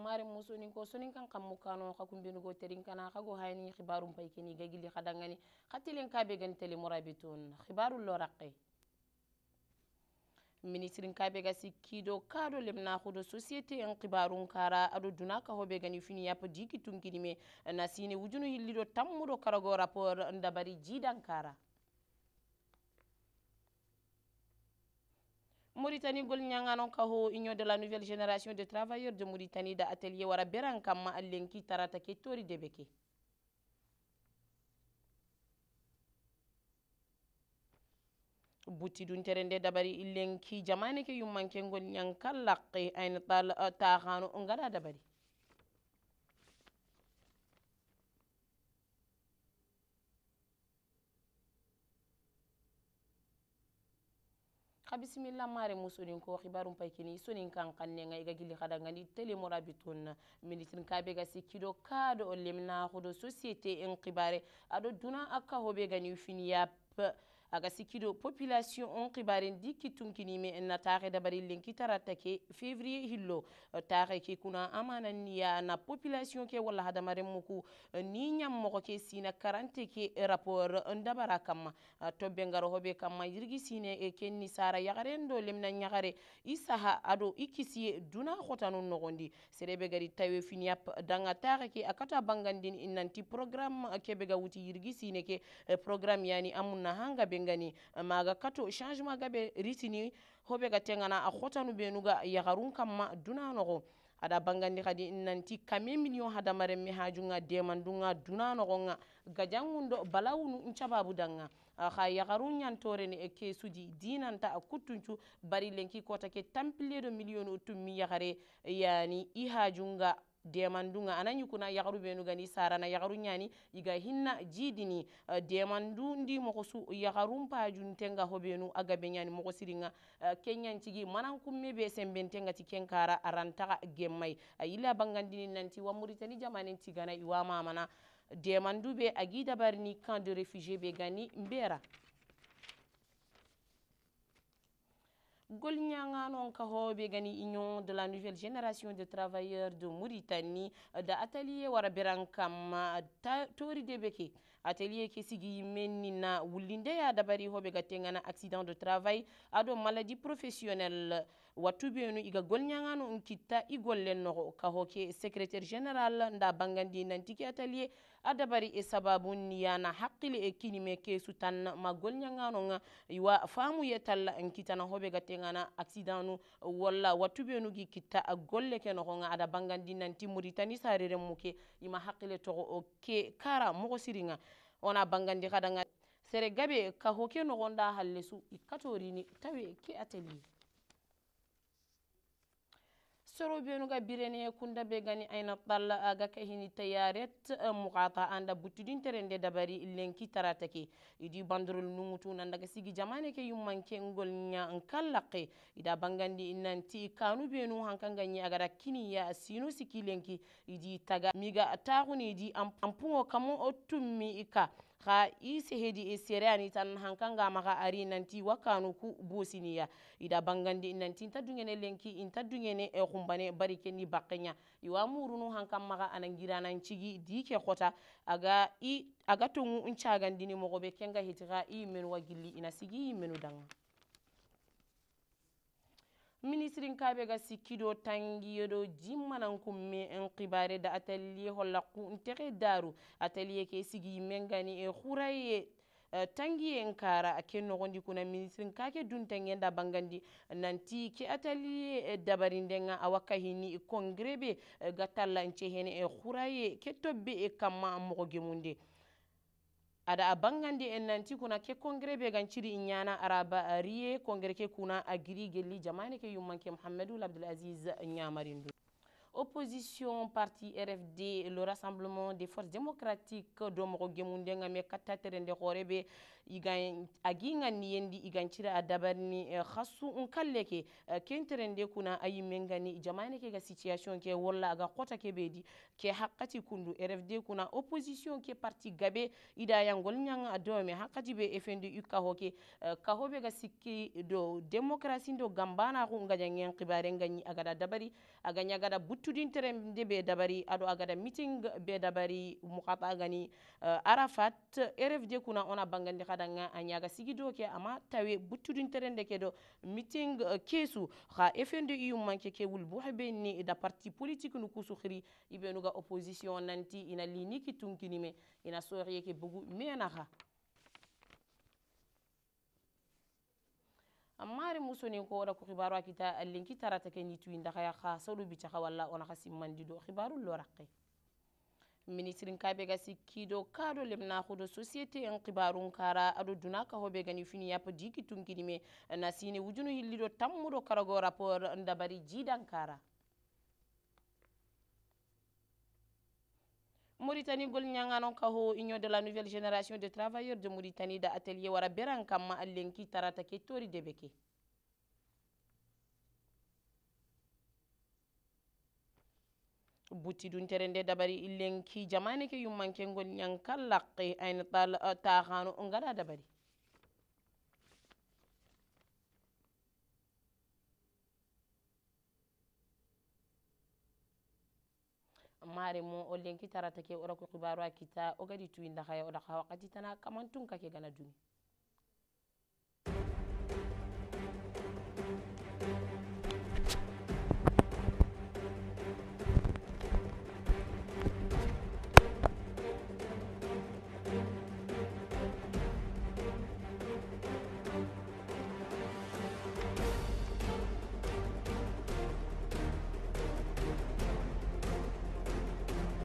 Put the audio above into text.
mare muso ni ko sonin kan kammu kano ka kumbinu go terin kana ka go hayni khibarum pay kini ga gilli khadangani khatilen ka be gan tele murabitun lo loraqi ministirin ka be ga sikkido kado lemna khudo société en khibarun kara ado duna ka hobe gani fini yapa diki tunkidime na sine wujunu hillido tammudo karago rapport ndabari jidan kara Mauritanie gol ñangano ka ho union de la nouvelle génération de travailleurs de Mauritanie da atelier wara beran kamma allenki tarata ke tori debeke butti dun terende dabari illenki jamane ke yummanke gol ñankallaqe ayn tal taxano ngara dabari xa bisimilla mare musonin ko xibarun paykini sonin kan kannenga iga gili xadangani telemora bitonna minitin kabe ga sikkido kaado o lemnaxudo société en xibare aɗo duna a kahobe gani finiya aga sikido population on kibarin di kitum kinime na tare da bari lenki tarata ke fevrier hillo tare ke kuna amana niya na population ke wala hadamaren muku ni nyam moko ke sina karante ke rapport ndabara kam to bengaro hobe kam yirgi sine e kenni sara yagare ndo lemna nyagare isaha ado ikisi duna khotanu nogondi serebe gari tawe finiap danga tare ke akata bangandin nanti program kebe ga wuti yirgi sine ke eh, programme yani amuna hanga be gani maga kato changement gabe ritini hoɓe ga tengana a hotanu ɓenuga yaharun kamma dunanoxo ada bangandi kadi nanti kame million hadamaren mi hajunga demandunga dunanoxonga gajangundo balawunu ncababudanga ha yaharun ñantorene ke suji dinanta a e kuttuncu bari lenki kota ke tampileɗo million o tummi yahare yani i hajunga demandunga anan yukuna yagaru benu gani sarana yagaru nyani iga hinna jidini uh, demandu ndi mokosu yagarum pajuntenga hobenu aga be nyani mokosiringa uh, kenyan cigi manan kumme be sembentenga ti kenkara arantaga gemmai ayila uh, bangandini nanti wamuritani muritani jamanen tigana iwa mamana demandu be agi dabarni camp de réfugié be gani mbera Golgnanganon Kahobe Gani Union de la nouvelle génération de travailleurs de Mauritanie euh, da atelier Waraberankam euh, Tori Debeke atelier Kesigi Menina Wulinde Dabari Hobe Gatengana accident de travail ado maladie professionnelle wattu ɓeenu iga golñagano um kitta i gollen noxo ka hoke secrétaire général nda bangandi nanti ke atelier a dabari e sababu niyana haqqile e kinime ke sutan ma golñaganoga wa famuye talla n kitana hoɓe ga accident nu walla wattu ɓeenugi kitta a golle ke noxoga ada bangandi nanti muritani sareren muke ima haqqile toxo o ke kara moxo siriga wona bangandi xadaga sere gabe ka hoke noxonda halle su i katorini tawe ke atelier soro benu ga birene kunda be gani aina talla aga ka hini tayaret muqata anda butudin terende dabari lenki taratake idi bandrul nungutu nan daga sigi jamane ke yummanke ngol nya ankallaqe ida bangandi nanti kanu benu hankanga nyi aga kini ya sino siki lenki idi taga miga taguni idi ampungo kamo otummi ika xa i sehedi e sereyani tan hankanga maxa ari nanti wa ku bosiniya ida bangandi nanti nta dungene lenki inta dungene e eh, xumbane bari ke ni baqeya iwa murunu hankan maxa anangiranan cigi di ke xota aga i aga tongu n cagandini moxoɓe kenga hiti xa i menu wa gilli ina sigi i menu danga ministrin kaɓe ga sikkiɗo tangiyoɗo jimmanankum me en kibare da atelier holla kuntexe daru atelier ke sigi yimmengani e xuraye eh, tangiye en kara a kennoxondi kuna ministrin kake duntangenda bangandi nanti ke atelier eh, dabari ndenga a wakka hini e congrès ɓe eh, ga talla n cehene e xuraye ke tobbe e kamma a moxo gemunde ada a bangandi en nanti kuna ke congré be ganciri ñana araba ariye congré ke kuna agiri gelli jamane ke yummanke mouhammadou labdoul asis ñamarindu opposition parti rfd le rassemblement des forces démocratiques do mogo gemundengame kattaterende hoorebe igan aginga niyendi igancira a dabarni eh, hasu un kalle ke eh, kenterende kuna ayimmen gani jamane ke ga situation ke walla aga hota ke ɓeedi ke hakkati kundu rfd kuna opposition ke parti gabe idayangol ñaga dome hakkati ɓe efendu ukkaho ke kahoɓe ga sikki do démocratie do gambanaku gaña gen kibare gañi agada dabari agaña gada but guttudintere nde ɓe dabari aɗo agada meeting be dabari mukata gani uh, arafat rfd kuna ona bangandi kadanga a ñaga sigido ke ama tawe guttudintere nde keɗo meeting uh, eh, keesu ha fnde manke ke wul bohɓe ni da parti politique nu kusuhri iɓenuga opposition nanti ina ki tunkinime ina sohye ke bugu menaha amma ari muso nin ko wara ko xibaru a kita allin ki tarata ke ñitu ndaxaya xa sodu bicaxa walla ona xa simmandi do xibaru loraqe ministrin kabe ga do kado lemna hudo société en xibarun kara ado duna ka hobe gani fini yapo diki tunkinime na sine wujunu hillido tammudo karago rapport ndabari jidan kara Mauritanie gol ñangano kaho union de la nouvelle génération de travailleurs de Mauritanie da atelier wara beran kamma allenki tarata ke tori debeke buti ɗum terende dabari illenki jamaneke yummanke ngol ñankallaqe ayne tal eh, tahano ngara dabari maremu ollen kitara take ora ko kibaru akita ogadi tuinda haya oda wakati tana kamantun kake gana duni